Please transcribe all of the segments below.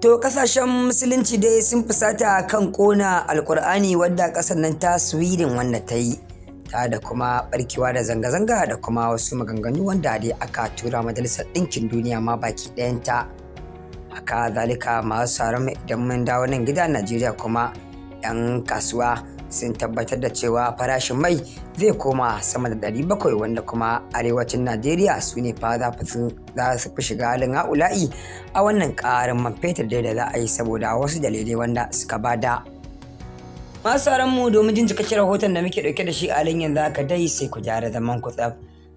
to kasashen musulunci dai sun fusata kan kona alkur'ani wadda kasar nan ta sweden wanda ta yi ta da kuma barkewa da zanga-zanga da kuma wasu maganganu wanda dai aka tura majalisar ɗinkin duniya ma baki ɗayanta haka zalika masu sauran idan mun dawo nan gida najeriya kuma 'yan kasuwa sun tabbatar da cewa farashin mai zai koma sama da 700 wanda kuma arewacin najeriya su ne fa za su fi shiga halin ha'ula'i a wannan karin man fetur da za a yi saboda wasu dalilai wanda suka bada masu mu domin jin cikakken rahoton da muke ɗauke da shi a halin yanzu haka dai sai ku gyara zaman ku tsaf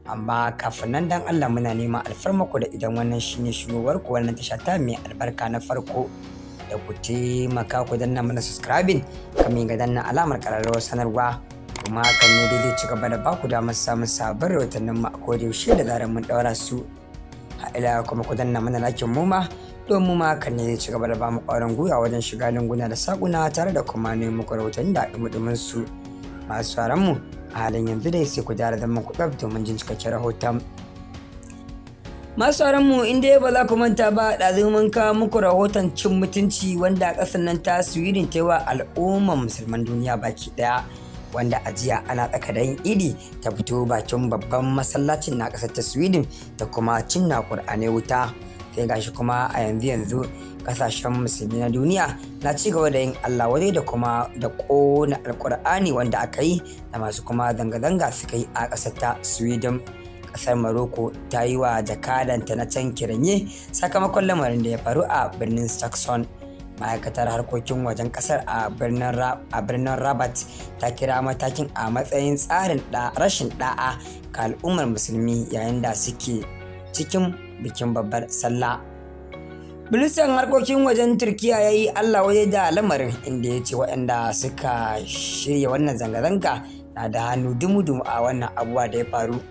amma kafin nan dan allah muna neman alfarmako da idan wannan shine shigowar ku wannan tasha ta mai albarka na farko da ku taimaka ku danna mana subscribing kamar ga danna alamar ƙararrawar sanarwa kuma kan ne daidai ci gaba da baku damar samun sabon rahotannin mu a da zarar mun daura su ila kuma ku danna mana lakin mu ma don mu ma kan ne zai ci gaba da mu ƙwarin gwiwa wajen shiga linguna da sakuna tare da kuma ne muku rahotanni da dumudumin su masu mu a halin yanzu dai sai ku dara zaman ku domin jin cikakken rahoton. masu mu in dai ba za ku manta ba a mun kawo muku rahoton cin mutunci wanda ƙasar nan ta sweden ta yi wa al'ummar musulman duniya baki ɗaya wanda a jiya ana yin iri ta fito bakin babban masallacin na ƙasar ta sweden ta kuma cinna ƙur'ani wuta sai gashi kuma a yanzu yanzu ƙasashen musulmi na duniya na ci gaba da yin allah wadai da kuma da ƙona alƙur'ani wanda aka yi da masu kuma zanga-zanga suka yi a ƙasar ta kasar maroko ta yi wa jakadanta na can kiranye sakamakon lamarin da ya faru a birnin saxon Ma'aikatar harkokin wajen ƙasar a birnin Rabat ta kira matakin a matsayin tsarin rashin ɗa'a ga al'ummar musulmi yayin da suke cikin bikin babbar sallah. ministan harkokin wajen turkiya ya yi allah waje da lamarin inda ya ce waɗanda suka shirya wannan zanga-zanga na da hannu dumu-dumu a wannan abubuwa da ya faru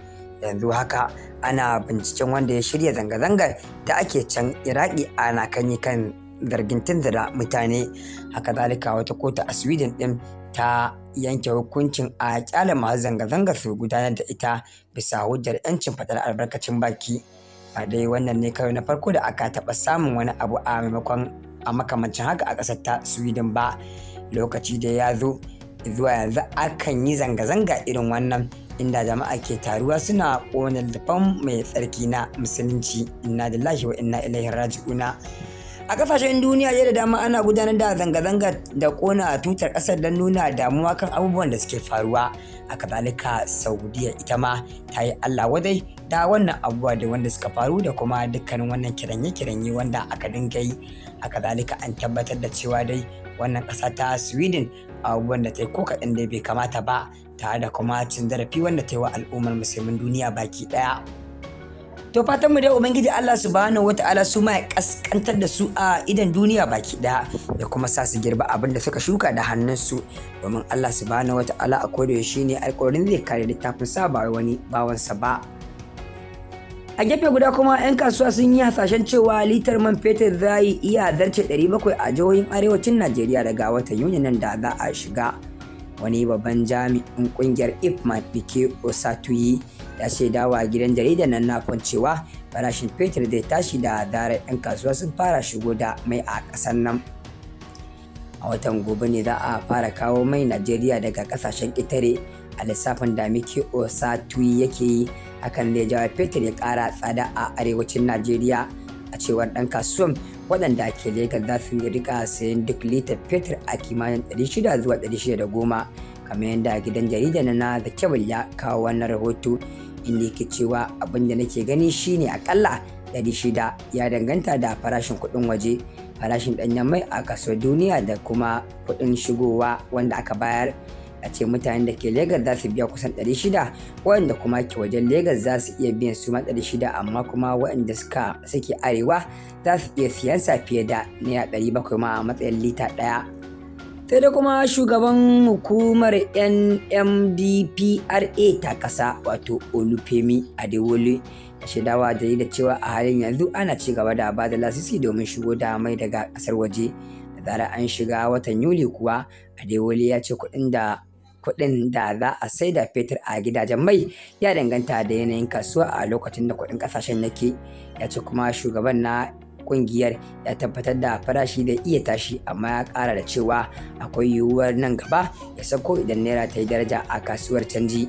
yanzu haka ana binciken wanda ya shirya zanga-zangar da ake can iraki ana kanyi kan zargin tunzura mutane haka zalika wata kota a sweden din ta yanke hukuncin a kyale masu zanga-zanga su gudanar da ita bisa hujjar 'yancin faɗar albarkacin baki A dai wannan ne kawai na farko da aka taɓa samun wani abu a maimakon a makamancin haka a ƙasar ta sweden ba lokaci da ya zo zuwa yanzu akan yi zanga-zanga irin wannan inda jama'a ke taruwa suna ƙona littafan mai tsarki na musulunci inna lillahi wa inna ilaihi raji'una a kafashen duniya yadda dama ana gudanar da zanga-zanga da kona tutar kasar don nuna damuwa kan abubuwan da suke faruwa a kazalika saudiya ita ma ta yi allah wadai da wannan abubuwa da wanda suka faru da kuma dukkanin wannan kiranye-kiranye wanda aka dinga yi a kadalika, an tabbatar da cewa dai wannan ƙasa ta sweden abubuwan da ta yi ko inda bai kamata ba tare da kuma cin zarafi wanda ta yi wa al'ummar musulmin duniya baki ɗaya to fatan mu dai ubangiji Allah subhanahu wata'ala su ma ya kaskantar da su a idan duniya baki ɗaya ya kuma sa su girba abin da suka shuka da hannunsu domin Allah subhanahu wata'ala a koda shi ne alƙawarin zai kare littafin sa ba wani bawansa ba a gefe guda kuma 'yan kasuwa sun yi hasashen cewa litar man fetur za yi iya zarce 700 a jihohin arewacin najeriya daga watan yuni nan da za a shiga wani babban jami'in kungiyar IFMAN bike osatuyi ya shaida wa gidan jaridar nan nafon cewa farashin fetur zai tashi da zarar 'yan kasuwa sun fara shigo da mai a ƙasar nan a watan gobe ne za a fara kawo mai najeriya daga kasashen itare a lissafin da miki Tuyi yake yi hakan da jawo fetur ya kara tsada a arewacin najeriya a cewar ɗan kasuwan waɗanda ke legas za su rika sayan duk litar fetur a kimanin 600 zuwa 610 kamar yadda gidan jarida na na da kyau ya kawo wannan rahoto inda yake cewa abin da nake gani shine akalla 600 ya danganta da farashin kuɗin waje farashin ɗanyen mai a kasuwar duniya da kuma kuɗin shigowa wanda aka bayar a ce mutanen da ke Legas za su biya kusan 600 wanda kuma ke wajen Legas za su iya biyan su ma 600 amma kuma waɗanda suka suke arewa za su iya siyan sa fiye da naira 700 ma a matsayin lita ɗaya sai da kuma shugaban hukumar nmdpra ta kasa wato olufemi adewole ya da da cewa a halin yanzu ana ci gaba da ba da lasisi domin shigo da mai daga kasar waje da zarar an shiga watan yuli kuwa adewole ya ce kuɗin da da za a sai da fetur a gidajen mai ya danganta da yanayin kasuwa a lokacin da kuɗin ƙasashen yake ya ce kuma shugaban na kungiyar ya tabbatar da farashi zai iya tashi amma ya kara da cewa akwai yiwuwar nan gaba ya sako idan naira ta yi daraja a kasuwar canji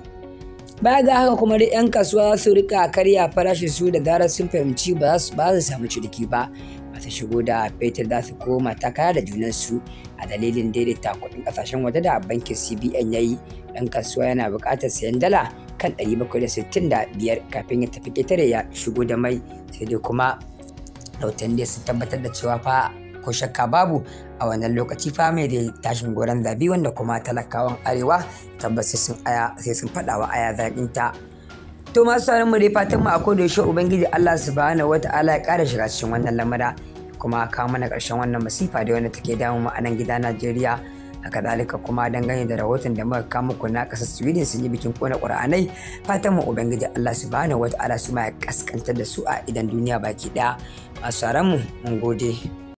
baya ga haka kuma da 'yan kasuwa za su rika karya farashin su da zarar sun fahimci ba za su samu ciniki ba masu shigo da fetur za su koma takara da junan su a dalilin daidaita kuɗin ƙasashen waje da bankin cbn ya yi ɗan kasuwa yana buƙatar sayan dala kan 765 kafin ya tafi ƙetare ya shigo da mai sai dai kuma Lautan dai su tabbatar da cewa fa ko shakka babu a wannan lokaci fa mai da tashin goron zabi wanda kuma talakawan arewa tabbas sun aya sai sun faɗa wa aya zaɓin ta to masu sauran mu dai fatan mu a da yaushe ubangiji Allah subhanahu wata'ala ya ƙara shiga cikin wannan lamura kuma kawo mana ƙarshen wannan masifa da wanda take damu mu a nan gida Najeriya haka dalika kuma dangane da rahoton da muka kama muku na kasar sweden sun yi bikin kona ƙur'anai fatan mu ubangiji allah subhanahu wataala su ma ya kaskantar da su a idan duniya baki daya masu mu mun gode